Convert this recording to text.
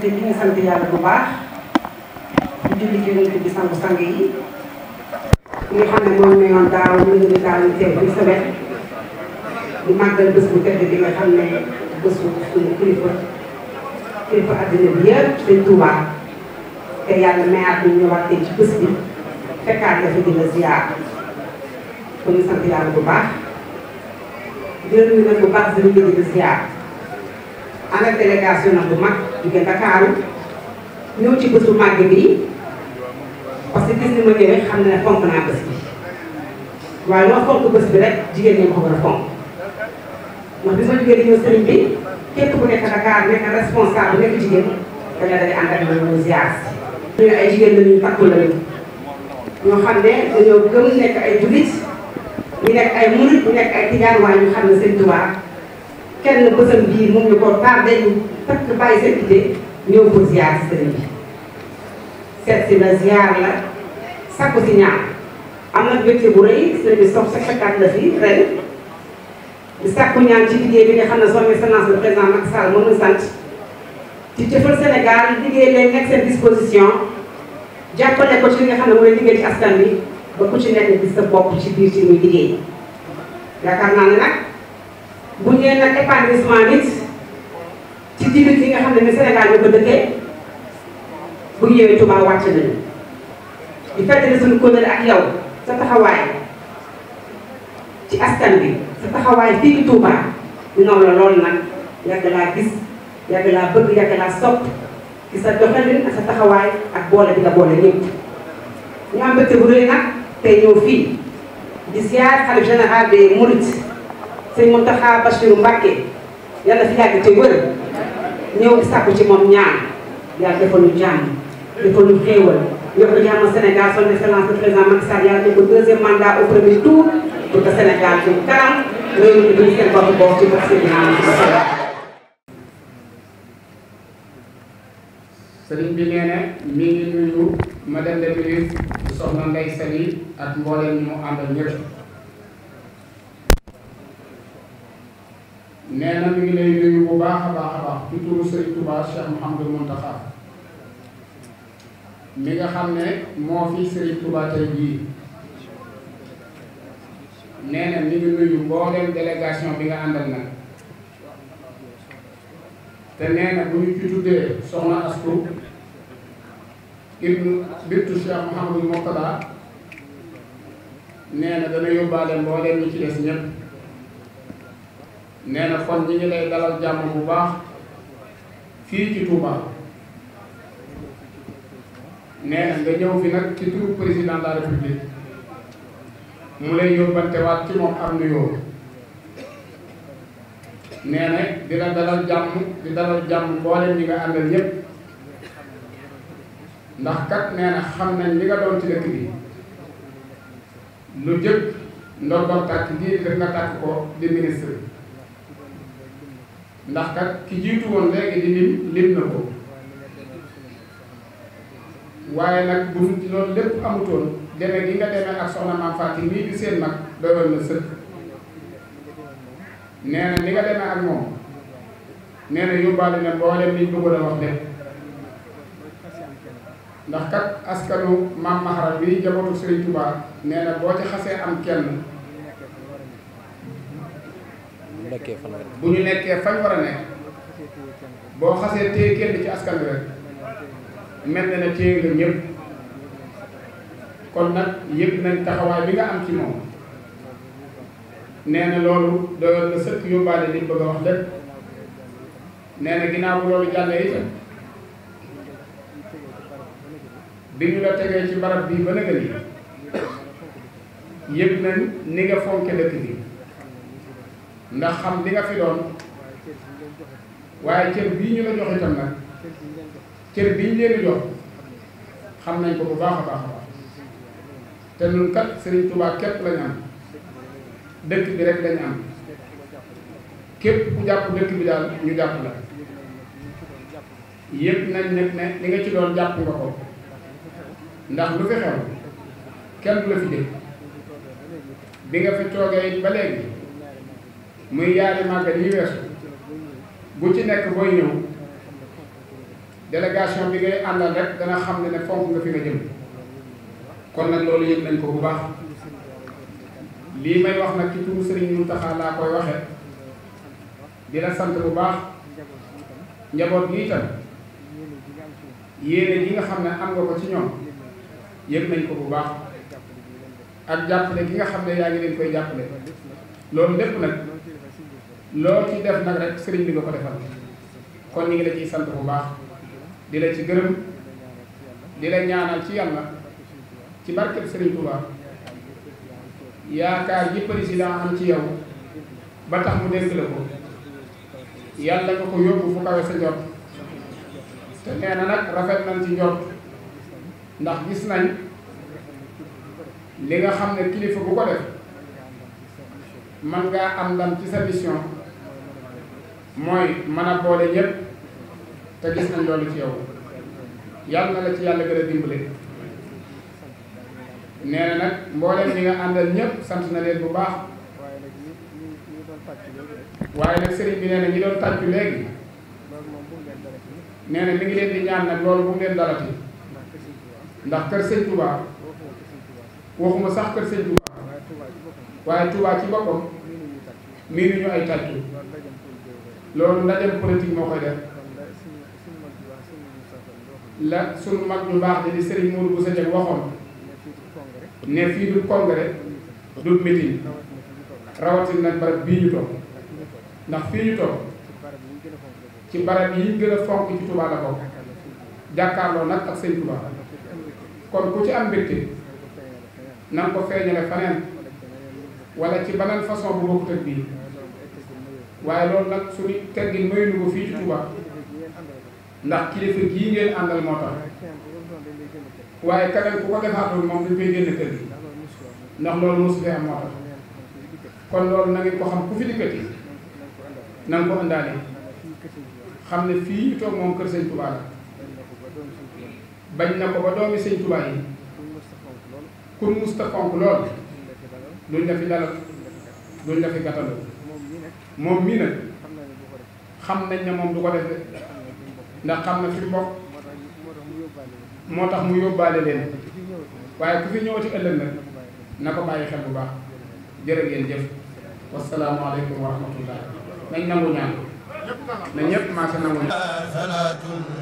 te di nga sant yàlla bu baax di julli ci yonent bi sangu sang yi ñi nga xam ne moom la yoon daaw ñu ngi leen daaw ñu teg bi semaine di màggal bés bu tedd bi nga xam ne bés bu suñu kilifa kilifa àddina bi yëpp seen Tuuba te yàlla mayaat ñu ñëwaat tey ci bés bi fekkaat la fi dina ziar kon ñu sant yàlla bu baax jërë nga bu baax di leen dina ziar ànd ak délégation nag bu mag. jóge Dakar ñëw ci bésu màgg bi parce que gis ni ma ñëwee xam ne fonk naa bés bi waaye loo fonk bés bi rek jigéen ñi ma ko war a fonk ndax bis ma jógee di ñëw sëriñ bi responsable nekk jigéen da nga dañuy ànd ma ñëw ziar si. ñu ay jigéen la ñu takku la ñu ñoo xam ne dañoo gëm nekk ay jullit ñu nekk ay murit ñu waaye ñu xam ne seen tubaab. kenn bësam bii mu ngi ko tardé ñu takk bàyyi sa quitté ñëw ko ziar sëriñ bi seet si la ziar la sakku si ñaan am na mbégte bu rëy sëriñ bi sox sakkaat la fi ren di sakku ñaan ci liggéey bi nga xam ne son excellence le président Macky Sall moom la sant ci jëfal Sénégal liggéey leen nekk seen disposition jàppale ko ci li nga xam ne mooy liggéey ci askan bi ba ku ci nekk gis sa bopp ci biir ci muy liggéey yaakaar naa ne nag. bu ñu nee nag épanouissement nit ci jullit yi nga xam ne ni Sénégal ñu ko dëkkee bu ñu ñëwee Touba wàcc nañu di fàttali suñu ak yow sa taxawaay ci askan bi sa taxawaay fii ci Touba ñu naw la loolu nag yàgg laa gis yàgg laa bëgg yàgg laa sopp ci sa doxalin ak sa taxawaay ak boole bi nga boole ñëpp ñu am bëgg bu rëy nag tey ñëw fii di ziar xalif général des Mourides sëñ Mountakha Bassirou Mbacké yàlla fi yàgg te wër ñëw sàkku ci moom ñaan yàlla defal ñu jàmm defal ñu xéewal yokk jàmm Sénégal son excellence le président Macky Sall yàlla def ko deuxième mandat au premier tour pour que Sénégal jëm kanam mi duñu seen bopp boobu ci bopp seen ñaan sëriñ bi mi nee na mi ngi lay nuyu bu baax a baax a baax ci turu Sëriñ Touba Cheikh Mouhamadou mi nga xam ne moo fi Sëriñ Touba tey jii nee na mi ngi nuyu mboolem délégation bi nga àndal na te nee na bu ñu ci tuddee soxna Astu ibnu bintu Cheikh Mouhamadou Mourtada nee na dana yóbbaale mboolem ñi ci des ñëpp nee na kon ñi ngi lay dalal jàmm bu baax fii ci Touba nee na nga ñëw fi nag ci turu président de la république mu lay yóbbantewaat ci moom am nuyoo nee na dina dalal jàmm di dalal jàmm mboolem ñi nga àndal ñépp ndax kat nee xam nañ li nga doon ci dëkk bi lu jëkk ndor tàkk gii def nga tàkk ko di ministre ndax kat ki jiitu woon léegi di lim lim na ko waaye nag bu loolu lépp amutoon deme gi nga deme ak soxna maam Faati mii di mag doyoon na sëkk nee li nga demee ak moom nee na yóbbaale na mboolem liñ bëggoon a wax lépp ndax kat askanu maam Maharam bi njabootu Sëriñ Tuubaa nee boo ci xasee am kenn nekkee fan bu ñu nekkee fañ war a nekk boo xasee téye kenn ci askan rek mel na ne téye nga ñëpp kon nag yëpp nañ taxawaay bi nga am ci moom nee na loolu doyoon na sëkk yóbbaale liñ bëgg a wax lépp nee na ginnaaw bu loolu jàllee itam bi ñu la tegee ci barab bii ba nëgëni yëpp nañ ni nga fonke dëkk bi. ndax xam li nga fi doon waaye cër bii ñu la jox itam nag cër bi ñu leen jox xam nañ ko bu baax a baax a baax te ñun kat Serigne Touba képp lañ am dëkk bi rek lañ am képp ku jàpp dëkk bi daal ñu jàpp la yëpp nañ nag ne li nga ci doon jàpp nga ko ndax lu fi xew kenn du la fi dégg bi nga fi toogee ba léegi. muy yaari màggal yi weesu bu ci nekk booy ñëw délégation bi ngay àndal rek dana xam ne ne fonk nga fi nga jëm kon nag loolu yëg nañ ko bu baax lii may wax nag ci turu Serigne Mountakha laa koy waxe di sant bu baax njaboot gi itam yéene yi nga xam ne am nga ko ci ñoom yëg nañ ko bu baax ak jàppale gi nga xam ne yaa ngi leen koy jàppale loolu lépp nag loo ci def nag rek sëriñ bi nga ko defal kon ñu ngi la ciy sant bu baax di la ci gërëm di la ñaanal ci yàlla ci barkeb sëriñ Touba yaakaar ji président am ci yow ba tax mu dénk la ko yàlla nga ko yóbbu fu kawe sa jot te nee na nag rafet nañ ci jot ndax gis nañ li nga xam ne kilifa bu ko def man ngaa am ndam ci sa mission mooy mën a boole ñëpp te gis nañ loolu ci yow yàlla na la ci yàlla gën a dimbale nee na nag mbooleem ñi nga àndal ñëpp sant na leen bu baax waaye nag sëriñ bi nee na ñi doon tàccu léegi nee na mi ngi leen di ñaan na loolu bu mu leen dalati ndax kër sëñ Touba waxuma sax kër sëñ Touba waaye Touba ci boppam miinu ñu ay tàccu loolu ndajem politique moo koy def la sunu mag ñu baax di di Serigne Mourou Boussa Diagne waxoon ne fii du congrès du meeting rawatina nag barab bii ñu toog ndax fii ñu toog ci barab yi gën a fonk ci Touba jàkkaarloo nag ak sëñ Touba kon ku ci am mbégte na nga ko feeñale faneen wala ci beneen façon bu bokkut ak bii. waaye loolu nag suñu teggin mayuñu ko fii ci Touba ndax kilifa gii ngeen àndal moo tax waaye keneen ku ko defaatul moom dañ koy génn kër gi ndax loolu mosu fee am moo tax kon loolu na ngeen ko xam ku fi dikkati na nga ko àndaale xam ne fii ñu toog moom kër sëñ Touba la bañ na ko ba doomi sëñ Touba yi kun musta fonk lool duñ la fi dalal duñ la fi gàttaloo moom mii nag xam nañ ne moom du ko def de ndax xam na fi mu bokk moo tax mu yóbbaale leen waaye ku fi ñëwati ëllëg nag na ko bàyyi xel bu baax jërë ngeen jëf wasalaamualeykum wa rahmatullah nañ nangu ñaan na ñëpp maa sa nangu